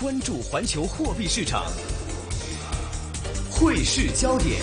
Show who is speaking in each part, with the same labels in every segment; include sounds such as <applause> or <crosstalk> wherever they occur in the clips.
Speaker 1: 關注環球貨幣市場，匯市焦點。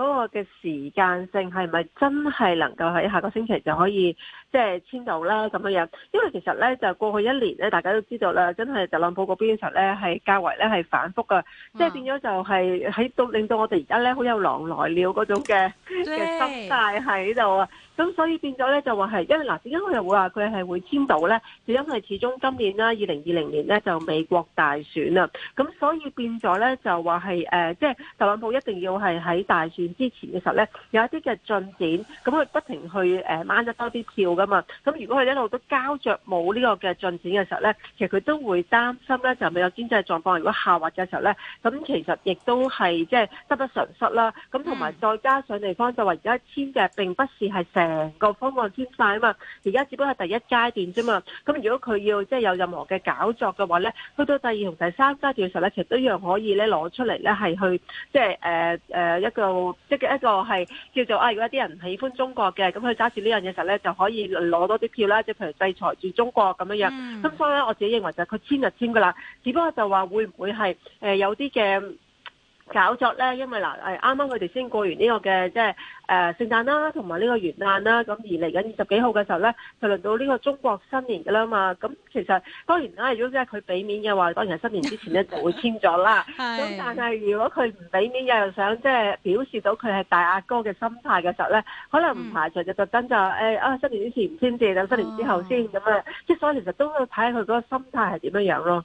Speaker 2: 嗰個嘅時間性係咪真係能夠喺下個星期就可以？即係簽到啦咁樣樣，因為其實咧就過去一年咧，大家都知道啦，真係特朗普嗰邊嘅時候咧係較為咧係反覆㗎。嗯、即係變咗就係喺到令到我哋而家咧好有狼來了嗰種嘅嘅的心態喺度啊，咁所以變咗咧就話係，因為嗱點解我又會話佢係會簽到咧？就因為始終今年啦，二零二零年咧就美國大選啦，咁所以變咗咧就話係誒，即係特朗普一定要係喺大選之前嘅時候咧有一啲嘅進展，咁佢不停去誒掹得多啲票。咁如果佢一路都交着冇呢個嘅進展嘅時候咧，其實佢都會擔心咧就未有經濟狀況，如果下滑嘅時候咧，咁其實亦都係即係得不償失啦。咁同埋再加上地方就話而家簽嘅並不是係成個方案簽晒啊嘛，而家只不過係第一階段啫嘛。咁如果佢要即係、就是、有任何嘅搞作嘅話咧，去到第二同第三階段嘅時候咧，其實一樣可以咧攞出嚟咧係去即係誒誒一個即嘅、就是、一個係叫做啊、哎，如果一啲人唔喜歡中國嘅，咁佢揸住呢樣嘢時候咧就可以。攞多啲票啦，即係譬如制裁住中國咁樣樣。咁、嗯、所以咧，我自己認為就係佢簽就簽噶啦，只不過就話會唔會係誒、呃、有啲嘅，搞作咧，因為嗱，啱啱佢哋先過完呢、呢個嘅，即係誒聖誕啦，同埋呢個元旦啦，咁、嗯、而嚟緊二十幾號嘅時候咧，就輪到呢個中國新年噶啦嘛。咁其實當然啦，如果即係佢俾面嘅話，當然係新年之前咧就會簽咗啦。咁 <laughs> 是但係如果佢唔俾面，又想即係表示到佢係大阿哥嘅心態嘅時候咧，可能唔排除就特登就誒、嗯哎、啊新年之前唔簽字，等新年之後先咁樣。即係、嗯、所以其實都要睇佢嗰個心態係點樣樣咯。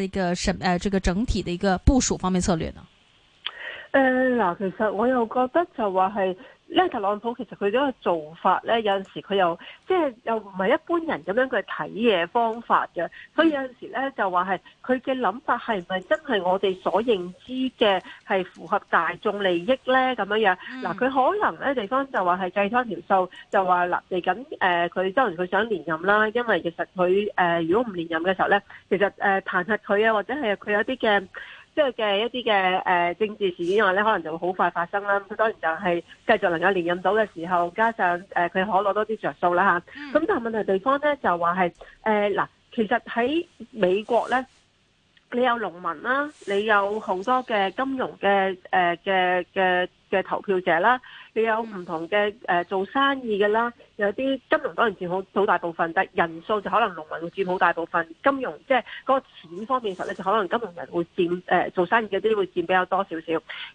Speaker 1: 一個審，誒，這個整體的一個部署方面策略呢？誒，
Speaker 2: 嗱，其實我又覺得就話係。呢特朗普其實佢嗰個做法呢，有陣時佢又即係、就是、又唔係一般人咁樣嘅睇嘢方法嘅，所以有陣時候呢，就話係佢嘅諗法係唔係真係我哋所認知嘅係符合大眾利益呢？咁樣樣。嗱、啊，佢可能呢地方就話係計翻條數，就話嗱嚟緊誒，佢周圍佢想連任啦，因為其實佢誒、呃、如果唔連任嘅時候呢，其實誒、呃、彈劾佢啊，或者係佢有啲嘅。即係嘅一啲嘅誒政治事件，話咧可能就會好快發生啦。佢當然就係繼續能夠連任到嘅時候，加上誒佢可攞多啲着數啦嚇。咁、嗯、但係問題地方咧就話係誒嗱，其實喺美國咧，你有農民啦，你有好多嘅金融嘅誒嘅嘅。呃嘅投票者啦，你有唔同嘅誒做生意嘅啦，有啲金融當然佔好大部分，但係人數就可能農民會佔好大部分。金融即係嗰個錢方面嘅時候咧，就可能金融人會佔誒做生意嗰啲會佔比較多少少。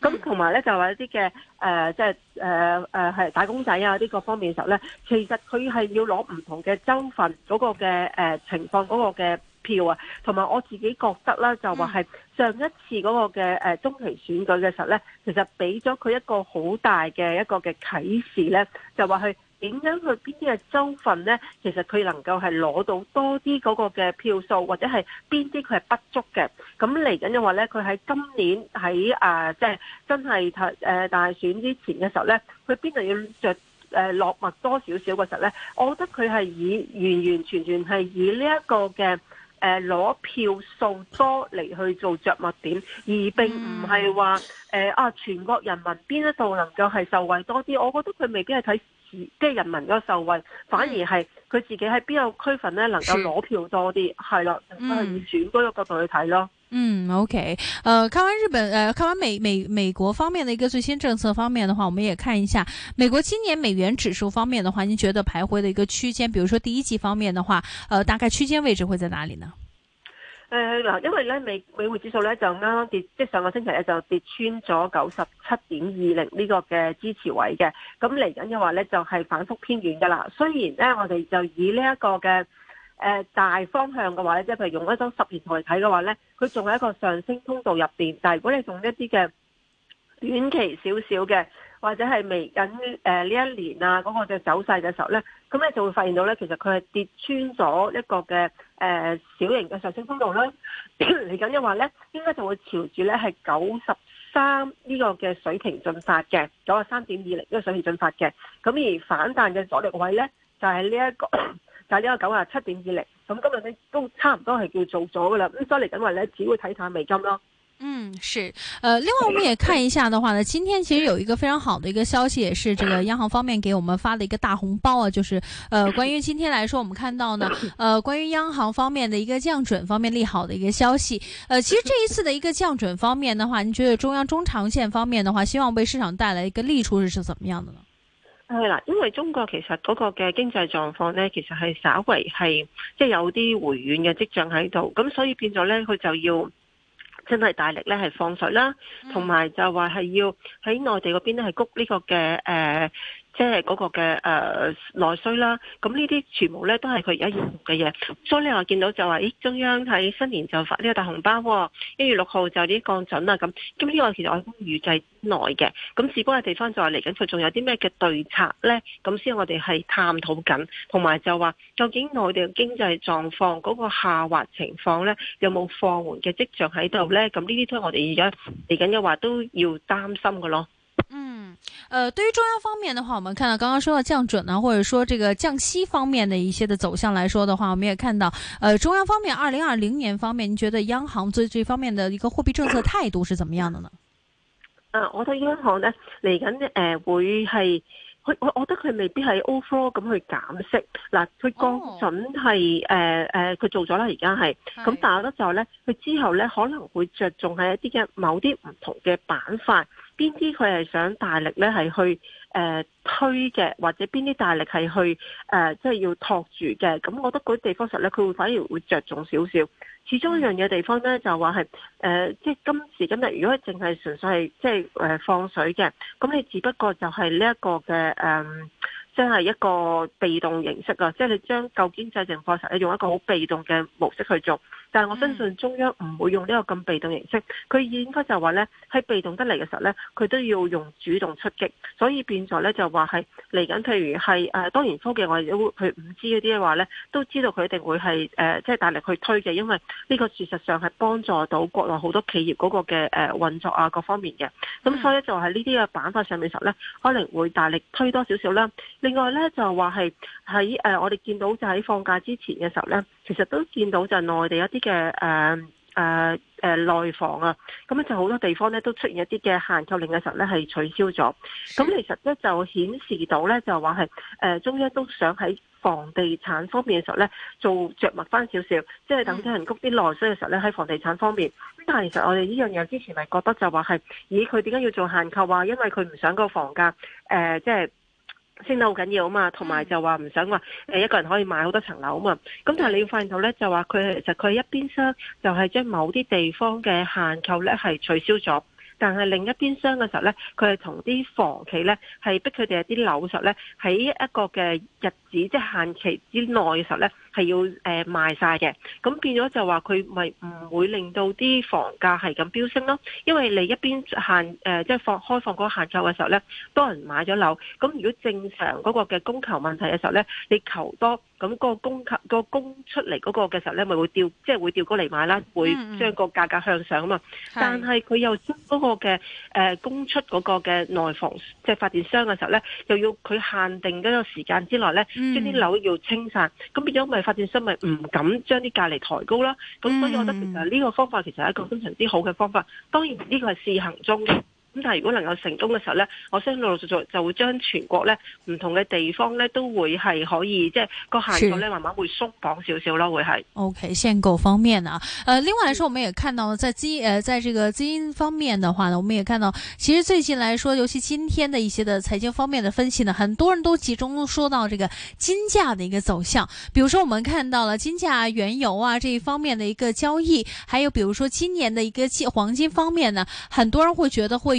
Speaker 2: 咁同埋咧就話、是、一啲嘅誒，即係誒誒係打工仔啊，呢個方面嘅時候咧，其實佢係要攞唔同嘅州份嗰個嘅誒、呃、情況嗰個嘅。票啊，同埋我自己覺得啦就話係上一次嗰個嘅中期選舉嘅時候咧，其實俾咗佢一個好大嘅一個嘅啟示咧，就話係點樣去邊啲嘅州份咧，其實佢能夠係攞到多啲嗰個嘅票數，或者係邊啲佢係不足嘅。咁嚟緊嘅話咧，佢喺今年喺即係真係大選之前嘅時候咧，佢邊度要着落墨多少少嘅時候咧？我覺得佢係以完完全全係以呢一個嘅。誒攞、呃、票數多嚟去做著墨點，而並唔係話誒啊全國人民邊一度能夠係受惠多啲？我覺得佢未必係睇即人民嗰個受惠，嗯、反而係佢自己喺邊個區份咧能夠攞票多啲，係啦、嗯，以選嗰個角度去睇咯。
Speaker 1: 嗯，OK，誒、呃，看完日本，誒、呃，看完美美美國方面的一個最新政策方面的話，我們也看一下美國今年美元指數方面的話，您覺得徘徊的一個區間，比如說第一季方面的話，誒、呃，大概區間位置會在哪裏呢？誒，
Speaker 2: 嗱，因為咧美美匯指數咧就啱啱跌，即係上個星期咧就跌穿咗九十七點二零呢個嘅支持位嘅，咁嚟緊嘅話咧就係、是、反覆偏軟噶啦，雖然咧我哋就以呢一個嘅。誒、呃、大方向嘅話咧，即係譬如用一張十年圖睇嘅話咧，佢仲係一個上升通道入邊。但係如果你用一啲嘅短期少少嘅，或者係嚟緊誒呢一年啊嗰、那個嘅走勢嘅時候咧，咁你就會發現到咧，其實佢係跌穿咗一個嘅誒、呃、小型嘅上升通道啦。嚟緊嘅話咧，應該就會朝住咧係九十三呢個嘅水平進發嘅，九十三點二零呢個水平進發嘅。咁而反彈嘅阻力位咧，就係呢一個。 <coughs> 就呢個九啊七點二零，咁今日咧都差唔多係叫做咗噶啦。咁所以嚟緊話
Speaker 1: 咧，只會睇淡美金咯。嗯，是，誒、呃，另外我哋也看一下的話呢，今天其實有一個非常好的一個消息，也是這個央行方面給我們發了一個大紅包啊，就是、呃，誒，關於今天來說，我們看到呢，誒、呃，關於央行方面的一個降準方面利好的一個消息。誒、呃，其實這一次的一個降準方面的話，你覺得中央中長線方面的話，希望被市場帶來一個利處是怎麼樣的呢？
Speaker 2: 係啦，因為中國其實嗰個嘅經濟狀況咧，其實係稍為係即係有啲回軟嘅跡象喺度，咁所以變咗咧，佢就要真係大力咧係放水啦，
Speaker 1: 同埋、嗯、
Speaker 2: 就話係要喺內地嗰邊咧係谷呢個嘅誒。呃即係嗰個嘅誒、呃、內需啦，咁呢啲全部咧都係佢而家要做嘅嘢，所以你話見到就話，咦，中央喺新年就發呢個大紅包喎、哦，一月六號就啲降準啦咁，咁呢個其實我係預計內嘅，咁事關嘅地方就係嚟緊佢仲有啲咩嘅對策咧，咁先我哋係探討緊，同埋就話究竟內地嘅經濟狀況嗰、那個下滑情況咧，有冇放緩嘅跡象喺度咧？咁呢啲都係我哋而家嚟緊嘅話都要擔心嘅咯。
Speaker 1: 呃，對於中央方面的話，我們看到剛剛說到降準呢，或者說這個降息方面的一些的走向來說的話，我們也看到，呃中央方面二零二零年方面，你覺得央行對這方面的一個貨幣政策態度是怎麼樣的呢？
Speaker 2: 呃我對央行呢嚟緊誒會係，我我我覺得佢未必係 overall 咁去減息，嗱佢降準係誒誒佢做咗啦，而家係，咁但係咧就咧，佢之後咧可能會着重喺一啲嘅某啲唔同嘅板塊。邊啲佢係想大力咧係去誒、呃、推嘅，或者邊啲大力係去誒即係要托住嘅？咁我覺得嗰啲地方實咧，佢會反而會着重少少。始終一樣嘢地方咧，就話係誒，即、呃、係、就是、今時今日，如果淨係純粹係即係誒放水嘅，咁你只不過就係呢一個嘅誒。呃真係一個被動形式啊！即係你將舊經濟政策時，用一個好被動嘅模式去做。但係我相信中央唔會用呢個咁被動形式。佢應該就話呢，喺被動得嚟嘅時候呢，佢都要用主動出擊。所以變咗呢，就話係嚟緊，譬如係誒、啊、當然科技或者佢五 G 嗰啲嘅話呢，都知道佢一定會係即係大力去推嘅，因為呢個事實上係幫助到國內好多企業嗰個嘅誒運作啊各方面嘅。咁所以就係呢啲嘅板塊上面時候呢，可能會大力推多少少啦。另外咧，就話係喺誒，我哋見到就喺放假之前嘅時候咧，其實都見到就係內地一啲嘅誒誒誒內房啊，咁咧就好多地方咧都出現一啲嘅限購令嘅時候咧係取消咗，咁其實咧就顯示到咧就話係誒中央都想喺房地產方面嘅時候咧做着墨翻少少，即係等啲人谷啲內需嘅時候咧喺房地產方面。但係其實我哋呢樣嘢之前咪覺得就話係，咦，佢點解要做限購啊？因為佢唔想個房價誒、呃、即係。升得好緊要啊嘛，同埋就話唔想話一個人可以買好多層樓啊嘛，咁但係你要發現到咧，就話佢其實佢一邊廂，就係將某啲地方嘅限購咧係取消咗，但係另一邊廂嘅時候咧，佢係同啲房企咧係逼佢哋一啲樓實咧喺一個嘅日子即係、就是、限期之內嘅時候咧。係要、呃、賣晒嘅，咁變咗就話佢咪唔會令到啲房價係咁飆升咯，因為你一邊限誒即係放開放嗰個限購嘅時候咧，多人買咗樓，咁如果正常嗰個嘅供求問題嘅時候咧，你求多，咁、嗰、嗰個供求嗰、嗰個、供出嚟嗰個嘅時候咧，咪會調即係會調高嚟買啦，會將個價格向上啊嘛。嗯、但係佢又將嗰個嘅誒供出嗰個嘅內房即係、即係、發電商嘅時候咧，又要佢限定嗰個時間之內咧，嗯、將啲樓要清散，咁變咗咪？發展商咪唔敢將啲價嚟抬高啦，咁所以我覺得其實呢個方法其實係一個非常之好嘅方法，當然呢個係試行中嘅咁但係如果能夠成功嘅時候咧，我相信陸陸續續就會將全國咧唔同嘅地方咧都會係可以，即係個限購咧是慢慢會鬆綁少少咯，會係。
Speaker 1: O.K. 限購方面啊，呃，另外來說，我們也看到在資金，呃、嗯，在這個資金方面的話呢，我們也看到，其實最近來說，尤其今天的一些的財經方面的分析呢，很多人都集中說到這個金價的一個走向，比如說我們看到了金價、原油啊這一方面的一個交易，還有比如說今年的一個黃金方面呢，很多人會覺得會。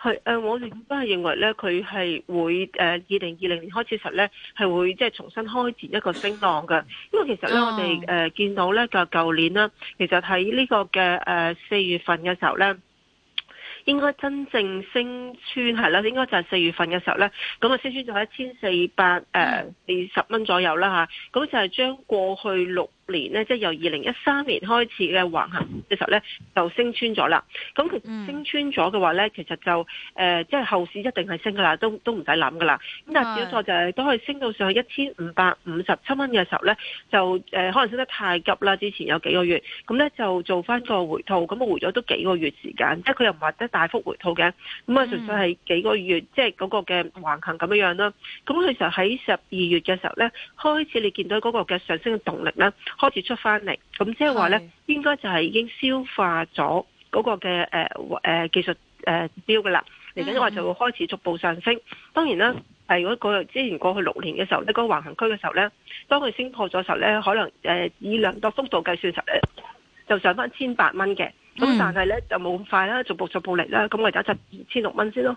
Speaker 2: 係誒，我哋亦都係認為咧，佢係會誒二零二零年開始時咧，係會即係重新開展一個升浪嘅。因為其實咧，我哋誒見到咧，就舊年啦，其實喺呢個嘅誒四月份嘅時候咧，應該真正升穿係啦，應該就係四月份嘅時候咧，咁啊升穿咗一千四百誒二十蚊左右啦吓，咁、嗯嗯、就係、是、將過去六年呢，即係由二零一三年開始嘅橫行嘅時候呢，就升穿咗啦。咁佢升穿咗嘅話呢，其實就誒，即係後市一定係升嘅啦，都都唔使諗嘅啦。咁但係小錯就係都可以升到上去一千五百五十七蚊嘅時候呢，就誒可能升得太急啦。之前有幾個月，咁呢，就做翻個回套，咁我回咗都幾個月時間，即係佢又唔係得大幅回套嘅，咁啊純粹係幾個月，即係嗰個嘅橫行咁樣樣啦。咁佢就喺十二月嘅時候呢，開始你見到嗰個嘅上升嘅動力呢。開始出翻嚟，咁即係話咧，是應該就係已經消化咗嗰個嘅誒、呃呃、技術誒、呃、標㗎喇，嚟緊我就會開始逐步上升。嗯、當然啦，如果過之前過去六年嘅時候，呢、呢個橫行區嘅時候咧，當佢升破咗時候咧，可能誒、呃、以量度幅度計算時就 1,、嗯，就上翻千八蚊嘅。咁但係咧就冇咁快啦，逐步逐步嚟啦。咁我而家就二千六蚊先咯。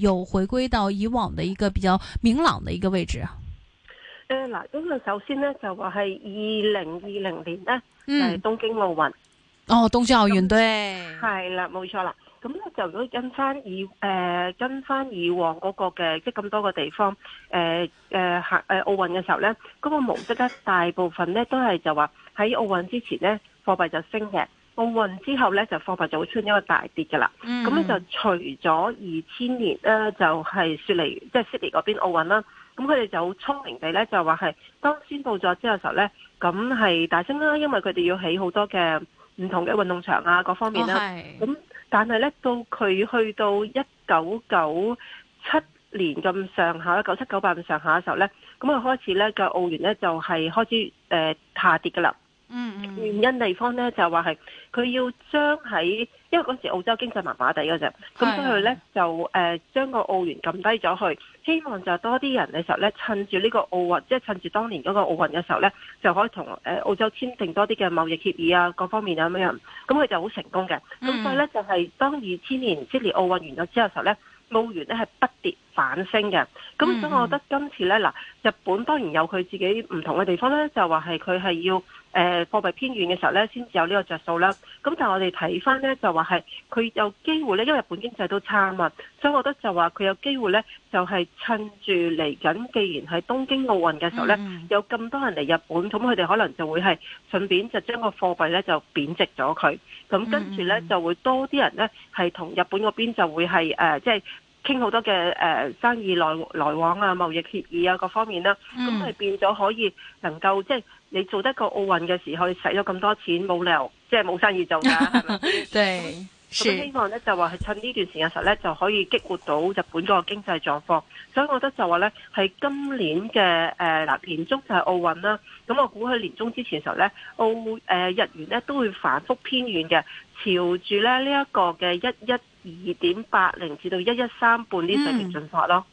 Speaker 1: 又回歸到以往的一個比較明朗的一個位置。誒、
Speaker 2: 呃，嗱，因為首先咧就話係二零二零年咧係、嗯、東京奧運。
Speaker 1: 哦，東京奧運西對，
Speaker 2: 係啦，冇錯啦。咁咧就如果跟翻以誒、呃、跟翻以往嗰個嘅，即係咁多個地方誒誒行誒奧運嘅時候咧，嗰個模式咧大部分咧都係就話喺奧運之前咧貨幣就升嘅。奧運之後咧就貨幣就會出現一個大跌噶啦，咁咧、嗯、就除咗二千年咧就係、是、雪梨，即係悉尼嗰邊奧運啦，咁佢哋就好聰明地咧就話係當宣佈咗之後時候咧，咁係大聲啦，因為佢哋要起好多嘅唔同嘅運動場啊，各方面啦，咁是但係咧到佢去到一九九七年咁上下，九七九八咁上下嘅時候咧，咁佢開始咧嘅奧運咧就係、是、開始誒、呃、下跌噶啦。嗯嗯，原因地方咧就話係佢要將喺，因為嗰時澳洲經濟麻麻地嘅啫，咁所以咧就誒將、呃、個澳元撳低咗去，希望就多啲人嘅時候咧，趁住呢個奧運，即係趁住當年嗰個奧運嘅時候咧，就可以同、呃、澳洲簽訂多啲嘅貿易協議啊，各方面啊咁樣，咁佢、嗯、就好成功嘅。咁、嗯、所以咧就係、是、當二千年悉尼奧運完咗之後嘅時候咧，澳元咧係不跌反升嘅。咁、嗯、所以我覺得今次咧，嗱日本當然有佢自己唔同嘅地方咧，就話係佢係要。誒貨幣偏軟嘅時候咧，先至有呢個着數啦。咁但我哋睇翻咧，就話係佢有機會咧，因為日本經濟都差啊嘛，所以我覺得就話佢有機會咧，就係、是、趁住嚟緊，既然係東京奧運嘅時候咧，嗯、有咁多人嚟日本，咁佢哋可能就會係順便就將個貨幣咧就貶值咗佢。咁、嗯、跟住咧就會多啲人咧係同日本嗰邊就會係誒，即係傾好多嘅誒、呃、生意來，來往啊、貿易協議啊各方面啦、啊。咁係變咗可以能夠即係。嗯你做得個奧運嘅時候使咗咁多錢，冇理由，即係冇生意做㗎，係咪 <laughs> 吧？ <laughs> 對，咁是希望咧就話係趁呢段時間咧就可以激活到日本嗰個經濟狀況，所以我覺得就話咧喺今年嘅誒嗱年中就係奧運啦，咁我估佢年中之前嘅時候咧，澳誒、呃、日元咧都會反覆偏軟嘅，朝住咧呢一、這個嘅一一二點八零至到一一三半呢水平進發咯。嗯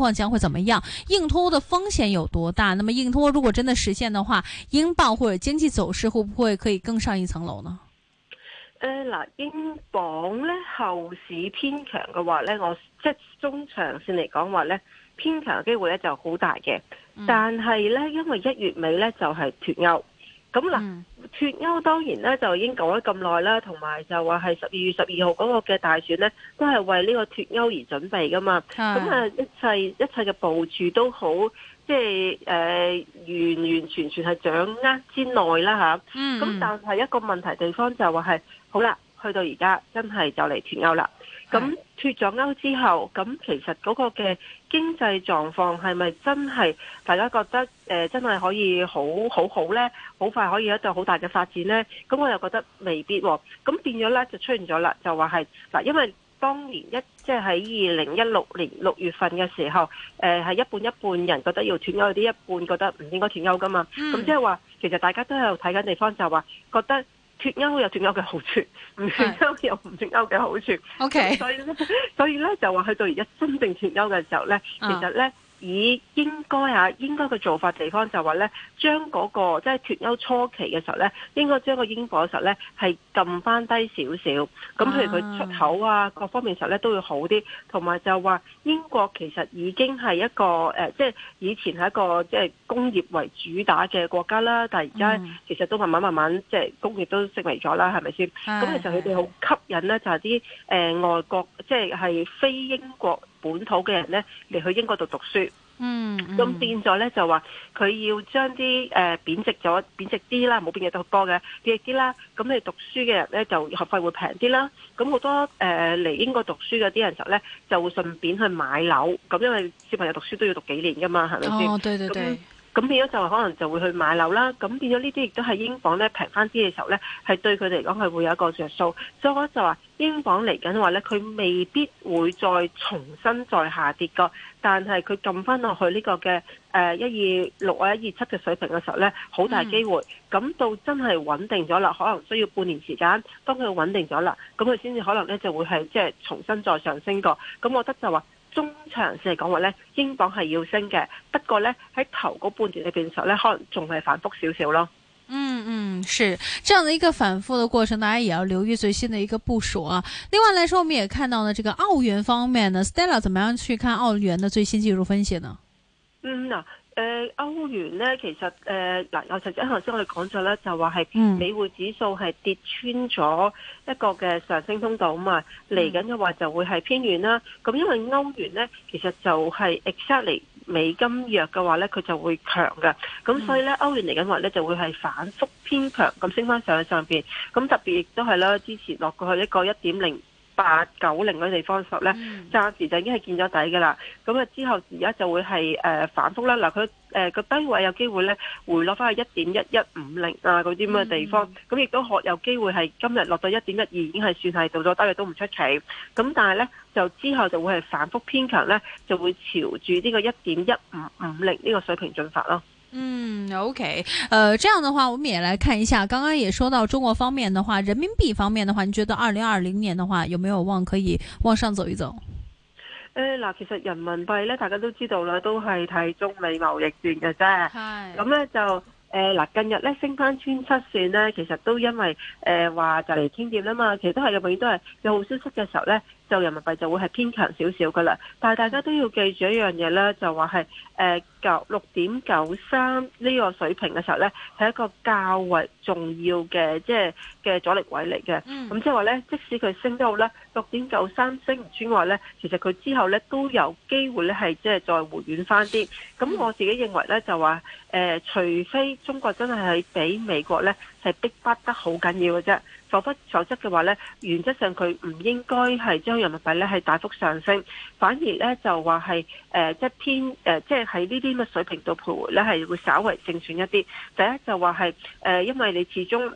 Speaker 1: 況將會怎麼樣？硬脱的風險有多大？那麼硬脱如果真的實現的話，英鎊或者經濟走勢會不會可以更上一層樓呢？
Speaker 2: 誒嗱、嗯，英鎊咧後市偏強嘅話咧，我即中長線嚟講話咧，偏強嘅機會咧就好大嘅。但係咧，因為一月尾咧就係脱歐。咁嗱，脱那、嗯、歐當然咧就已經講咗咁耐啦，同埋就話係十二月十二號嗰個嘅大選咧，都係為呢個脱歐而準備㗎嘛。咁啊是，一切一切嘅部署都好，即係誒完完全全係掌握之內啦吓，咁、啊嗯、但係一個問題，地方就話、是、係好啦，去到而家真係就嚟脱歐啦。咁脱咗歐之後，咁其實嗰個嘅。經濟狀況係咪真係大家覺得誒真係可以好好好呢？好快可以一道好大嘅發展呢？咁我又覺得未必喎、哦。咁變咗呢，就出現咗啦，就話係嗱，因為當年一即係喺二零一六年六月份嘅時候，誒係一半一半人覺得要脱歐，有啲一半覺得唔應該脱歐噶嘛。咁即係話其實大家都喺度睇緊地方，就話覺得。脱歐有脱歐嘅好處，唔脱歐有唔脱歐嘅好處。OK， <laughs> 所以咧，所以咧就話去到而家真正脱歐嘅時候咧，uh. 其實咧。以應該嚇、啊，應該嘅做法地方就話咧，將嗰，那個即係脱歐初期嘅時候咧，應該將個英國嘅時候咧係撳翻低少少。咁譬如佢出口啊各方面實咧都會好啲，同埋就話英國其實已經係一個、呃、即係以前係一個即係工業為主打嘅國家啦，但係而家其實都慢慢慢慢即係工業都式微咗啦，係咪先？咁的其實佢哋好吸引咧，就係啲誒外國即係係非英國，本土嘅人呢，嚟去英國度讀書，嗯，咁、嗯、變咗呢就話佢要將啲誒、呃、貶值咗貶值啲啦，冇貶嘅好多嘅貶值啲啦，咁你讀書嘅人呢，就學費會平啲啦，咁好多誒嚟、呃、英國讀書嗰啲人就呢就會順便去買樓，咁因為小朋友讀書都要讀幾年㗎嘛，係咪先？哦，咁變咗就話可能就會去買樓啦，咁變咗呢啲亦都係英鎊咧平翻啲嘅時候咧，係對佢哋嚟講係會有一個著數，所以我就話英話英鎊嚟緊話話咧，佢未必會再重新再下跌個，但係佢撳翻落去呢個嘅誒一二六啊一二七嘅水平嘅時候咧，好大機會。咁、嗯、到真係穩定咗啦，可能需要半年時間，當佢穩定咗啦，咁佢先至可能咧就會係即係重新再上升個。咁我覺得就話。中長線嚟講話咧，英鎊係要升嘅，不過咧喺頭嗰半段嘅變數咧，可能仲係反覆少少咯。嗯
Speaker 1: 嗯，是這樣的一個反覆嘅過程，大家也要留意最新的一個部署啊。另外來說，我們也看到呢，這個澳元方面呢，Stella 怎麼樣去看澳元的最新技術分析呢？嗯
Speaker 2: 啊。誒、呃、歐元咧，其實誒嗱，呃、我實姐頭先我哋講咗咧，就話係美匯指數係跌穿咗一個嘅上升通道嘛，嚟緊嘅話就會係偏軟啦。咁因為歐元咧，其實就係 exactly 美金弱嘅話咧，佢就會強嘅。咁所以咧，嗯、歐元嚟緊話咧就會係反覆偏強咁升翻上去上面，咁特別亦都係啦，之前落過去一個一點零。八九零嗰啲地方十呢，嗯、暫時就已經係見咗底嘅啦。咁啊，之後而家就會係誒、呃、反覆啦。嗱，佢誒個低位有機會呢回落翻去一點一一五零啊嗰啲乜地方，咁亦都可有機會係今日落到一點一二，已經係算係到咗低位都唔出奇。咁但係呢，就之後就會係反覆偏強呢，就會朝住呢個一點一五五零呢個水平進發咯。
Speaker 1: 嗯，OK，呃，這樣的話，我們也來看一下，剛剛也說到中國方面的話，人民幣方面的話，你覺得二零二零年的話，有沒有望可以往上走一走？
Speaker 2: 誒嗱、呃，其實人民幣咧，大家都知道啦，都係睇中美貿易戰嘅啫。係咁咧就誒嗱、呃，近日咧升翻穿七線呢，其實都因為誒話就嚟傾掂啦嘛，其實都係永遠都係有好消息嘅時候咧。就人民幣就會係偏強少少嘅啦，但係大家都要記住一樣嘢咧，就話係誒九六點九三呢個水平嘅時候咧，係一個較為重要嘅即係嘅阻力位嚟嘅。咁即係話咧，即使佢升到咧六點九三升唔穿外咧，其實佢之後咧都有機會咧係即係再回軟翻啲。咁我自己認為咧就話誒、呃，除非中國真係係俾美國咧。係逼不得好緊要嘅啫，否則否則嘅話呢，原則上佢唔應該係將人民幣呢係大幅上升，反而呢就話係誒即係偏誒即係喺呢啲乜水平度徘徊呢係會稍為正選一啲。第一就話係誒，因為你始終，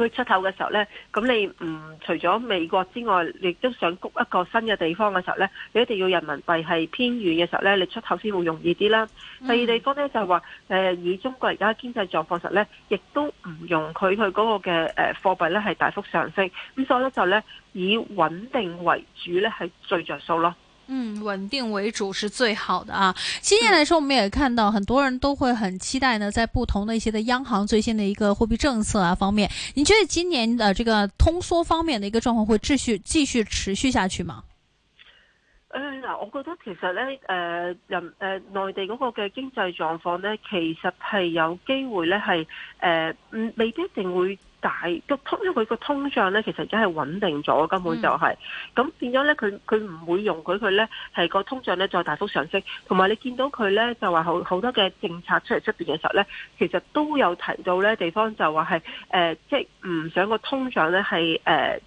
Speaker 2: 佢出口嘅時候呢，咁你唔除咗美國之外，亦都想谷一個新嘅地方嘅時候呢，你一定要人民幣係偏遠嘅時候呢，你出口先會容易啲啦。第二地方呢，就係話，誒以中國而家經濟狀況實呢，亦都唔容許佢嗰個嘅誒貨幣呢係大幅上升，咁所以呢，就呢以穩定為主呢，係最著數咯。
Speaker 1: 嗯，穩定為主是最好的啊。今年來說，我們也看到很多人都會很期待呢，在不同的一些的央行最新的一個貨幣政策啊方面，你覺得今年的這個通縮方面的一個狀況會繼續繼續持續下去嗎？嗯，
Speaker 2: 嗱，我覺得其實咧，誒、呃，人、呃、誒、呃，內地嗰個嘅經濟狀況咧，其實係有機會咧，係誒，嗯、呃，未必一定會。大個通，因為佢個通脹咧，其實而家係穩定咗，根本就係、是、咁、嗯、變咗咧。佢佢唔會容許佢。佢咧係個通脹咧再大幅上升。同埋你見到佢咧就話好好多嘅政策出嚟出面嘅時候咧，其實都有提到咧，地方就話係，即係唔想個通脹咧，係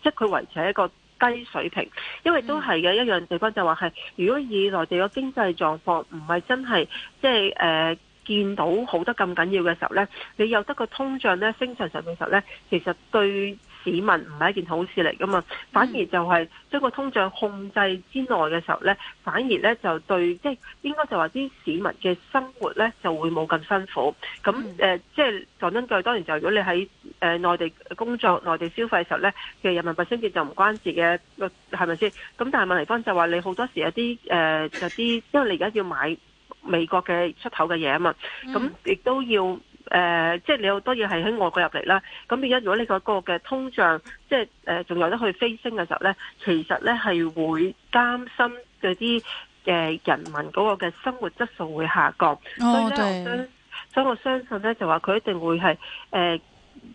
Speaker 2: 即係佢維持一個低水平。因為都係嘅、嗯、一樣地方就話係，如果以內地個經濟狀況唔係真係即係誒。就是呃見到好得咁緊要嘅時候呢，你有得個通脹呢升上上嘅時候呢，其實對市民唔係一件好事嚟噶嘛，反而就係將個通脹控制之內嘅時候呢，反而呢，就對，即係應該就話啲市民嘅生活呢就會冇咁辛苦。咁即係講真句，嗯、當然就如果你喺誒內地工作、內地消費嘅時候呢，其實人民幣升值就唔關事嘅，係咪先？咁但係問題翻就話你好多時有啲誒有啲，因為你而家要買。美國嘅出口嘅嘢啊嘛，咁亦、嗯、都要誒，即、呃、係、就是、你好多嘢係喺外國入嚟啦。咁而家如果你嗰個嘅通脹，即係誒仲有得去飛升嘅時候咧，其實咧係會擔心嗰啲嘅人民嗰個嘅生活質素會下降。哦、所以呢對我相，所以我相信咧就話佢一定會係誒、呃、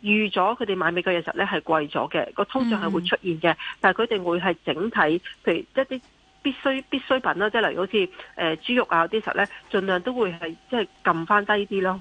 Speaker 2: 預咗佢哋買美國嘢時候咧係貴咗嘅個通脹係會出現嘅，嗯、但係佢哋會係整體譬如一啲。必須必需品咯，即係例如好似誒豬肉啊啲實咧，盡量都會係即係撳翻低啲咯。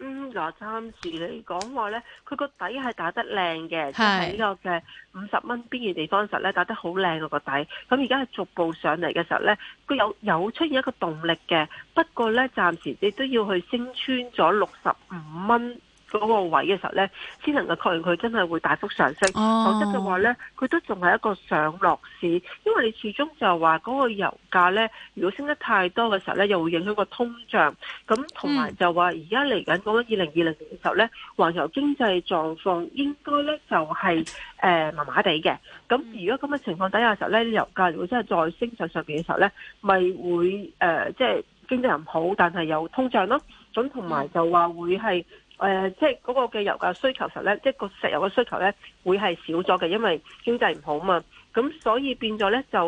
Speaker 2: 嗯，嗱，暫時你講話咧，佢個底係打得靚嘅，是就喺呢個嘅五十蚊邊嘅地方實咧打得好靚嗰個底，咁而家係逐步上嚟嘅時候咧，佢有有出現一個動力嘅，不過咧暫時你都要去升穿咗六十五蚊。嗰個位嘅時候咧，先能夠確認佢真係會大幅上升，oh. 否則嘅話咧，佢都仲係一個上落市，因為你始終就話嗰個油價咧，如果升得太多嘅時候咧，又會影響個通脹，咁同埋就話而家嚟緊講緊二零二零年嘅時候咧，環球經濟狀況應該咧就係誒麻麻地嘅，咁、呃、如果咁嘅情況底下嘅時候咧，油價如果真係再升上上邊嘅時候咧，咪會誒即係經濟唔好，但係有通脹咯，咁同埋就話會係。誒，即係嗰個嘅油價需求實咧，即係個石油嘅需求咧，會係少咗嘅，因為經濟唔好啊嘛，咁所以變咗咧就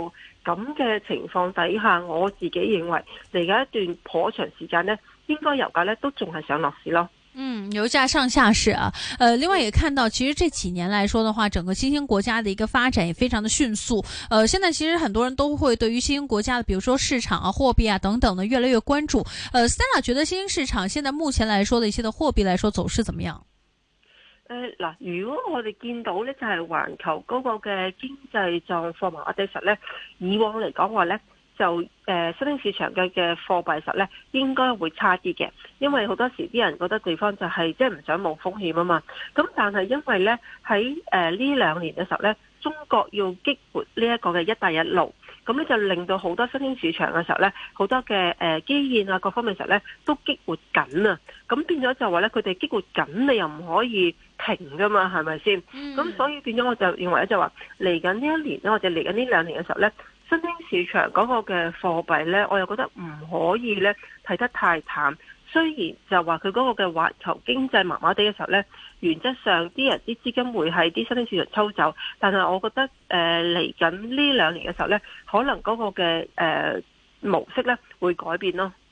Speaker 2: 咁嘅情況底下，我自己認為嚟緊一段頗長時間咧，應該油價咧都仲係上落市咯。
Speaker 1: 嗯，油價上下是啊，呃，另外也看到，其實這幾年來說的話，整個新興國家的一個發展也非常的迅速。呃，現在其實很多人都會對於新興國家的，比如說市場啊、貨幣啊等等的越來越關注。呃，Sana 覺得新興市場現在目前來說的一些的貨幣來說走勢怎麼樣？呃，
Speaker 2: 嗱，如果我哋見到咧就係環球嗰個嘅經濟狀況同埋，其實咧以往嚟講話咧。就誒，新興市場嘅嘅貨幣實咧，應該會差啲嘅，因為好多時啲人覺得地方就係即係唔想冒風險啊嘛。咁但係因為咧喺誒呢兩年嘅時候咧，中國要激活呢一個嘅一帶一路，咁咧就令到好多新興市場嘅時候咧，好多嘅誒基建啊各方面的時候咧都激活緊啊。咁變咗就話咧，佢哋激活緊，你又唔可以停噶嘛，係咪先？咁、嗯、所以變咗我就認為咧，就話嚟緊呢一年咧，或者嚟緊呢兩年嘅時候咧。新興市場嗰個嘅貨幣呢，我又覺得唔可以呢睇得太淡。雖然就話佢嗰個嘅環球經濟麻麻地嘅時候呢，原則上啲人啲資金會喺啲新興市場抽走，但係我覺得誒嚟緊呢兩年嘅時候呢，可能嗰個嘅誒、呃、模式呢會改變咯。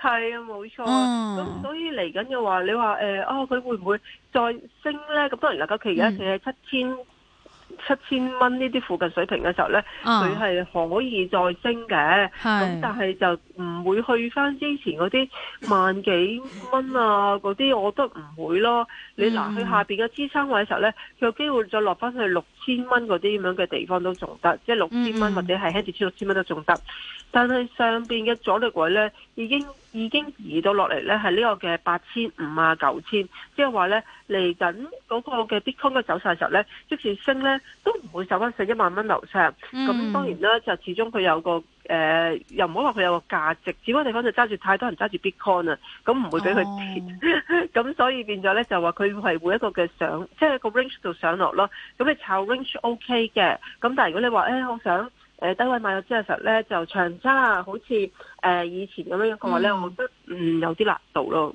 Speaker 2: 係啊，冇錯。咁、嗯、所以嚟緊嘅話，你話誒、呃，哦，佢會唔會再升咧？咁當然啦，佢而家企喺七千七千蚊呢啲附近水平嘅時候咧，佢係、嗯、可以再升嘅。咁、嗯、但係就唔會去翻之前嗰啲萬幾蚊啊，嗰啲我覺得唔會咯。你嗱，去下邊嘅支撐位嘅時候咧，佢有機會再落翻去六千蚊嗰啲咁樣嘅地方都仲得，即係六千蚊或者係 handy 六千蚊都仲得。但係上邊嘅阻力位咧已經。已經移到落嚟咧，係呢個嘅八千五啊、九千，即係話咧嚟緊嗰個嘅 Bitcoin 嘅走晒時候咧，即使升咧都唔會走翻上一萬蚊樓上。咁、嗯、當然啦，就始終佢有個誒、呃，又唔好話佢有個價值，只不過地方就揸住太多人揸住 Bitcoin 啊，咁唔會俾佢跌。咁、哦、 <laughs> 所以變咗咧，就話佢會係每一個嘅上，即、就、係、是、個 range 度上落咯。咁你炒 range OK 嘅，咁但係如果你話誒、欸、我想。誒低位買咗之後咧，就長揸啊，好似誒、呃、以前咁樣樣，佢話咧，我覺得嗯有啲難度咯。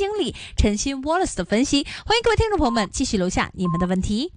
Speaker 1: 經理陳新 Wallace 的分析，歡迎各位聽眾朋友們繼續留下你們的問題。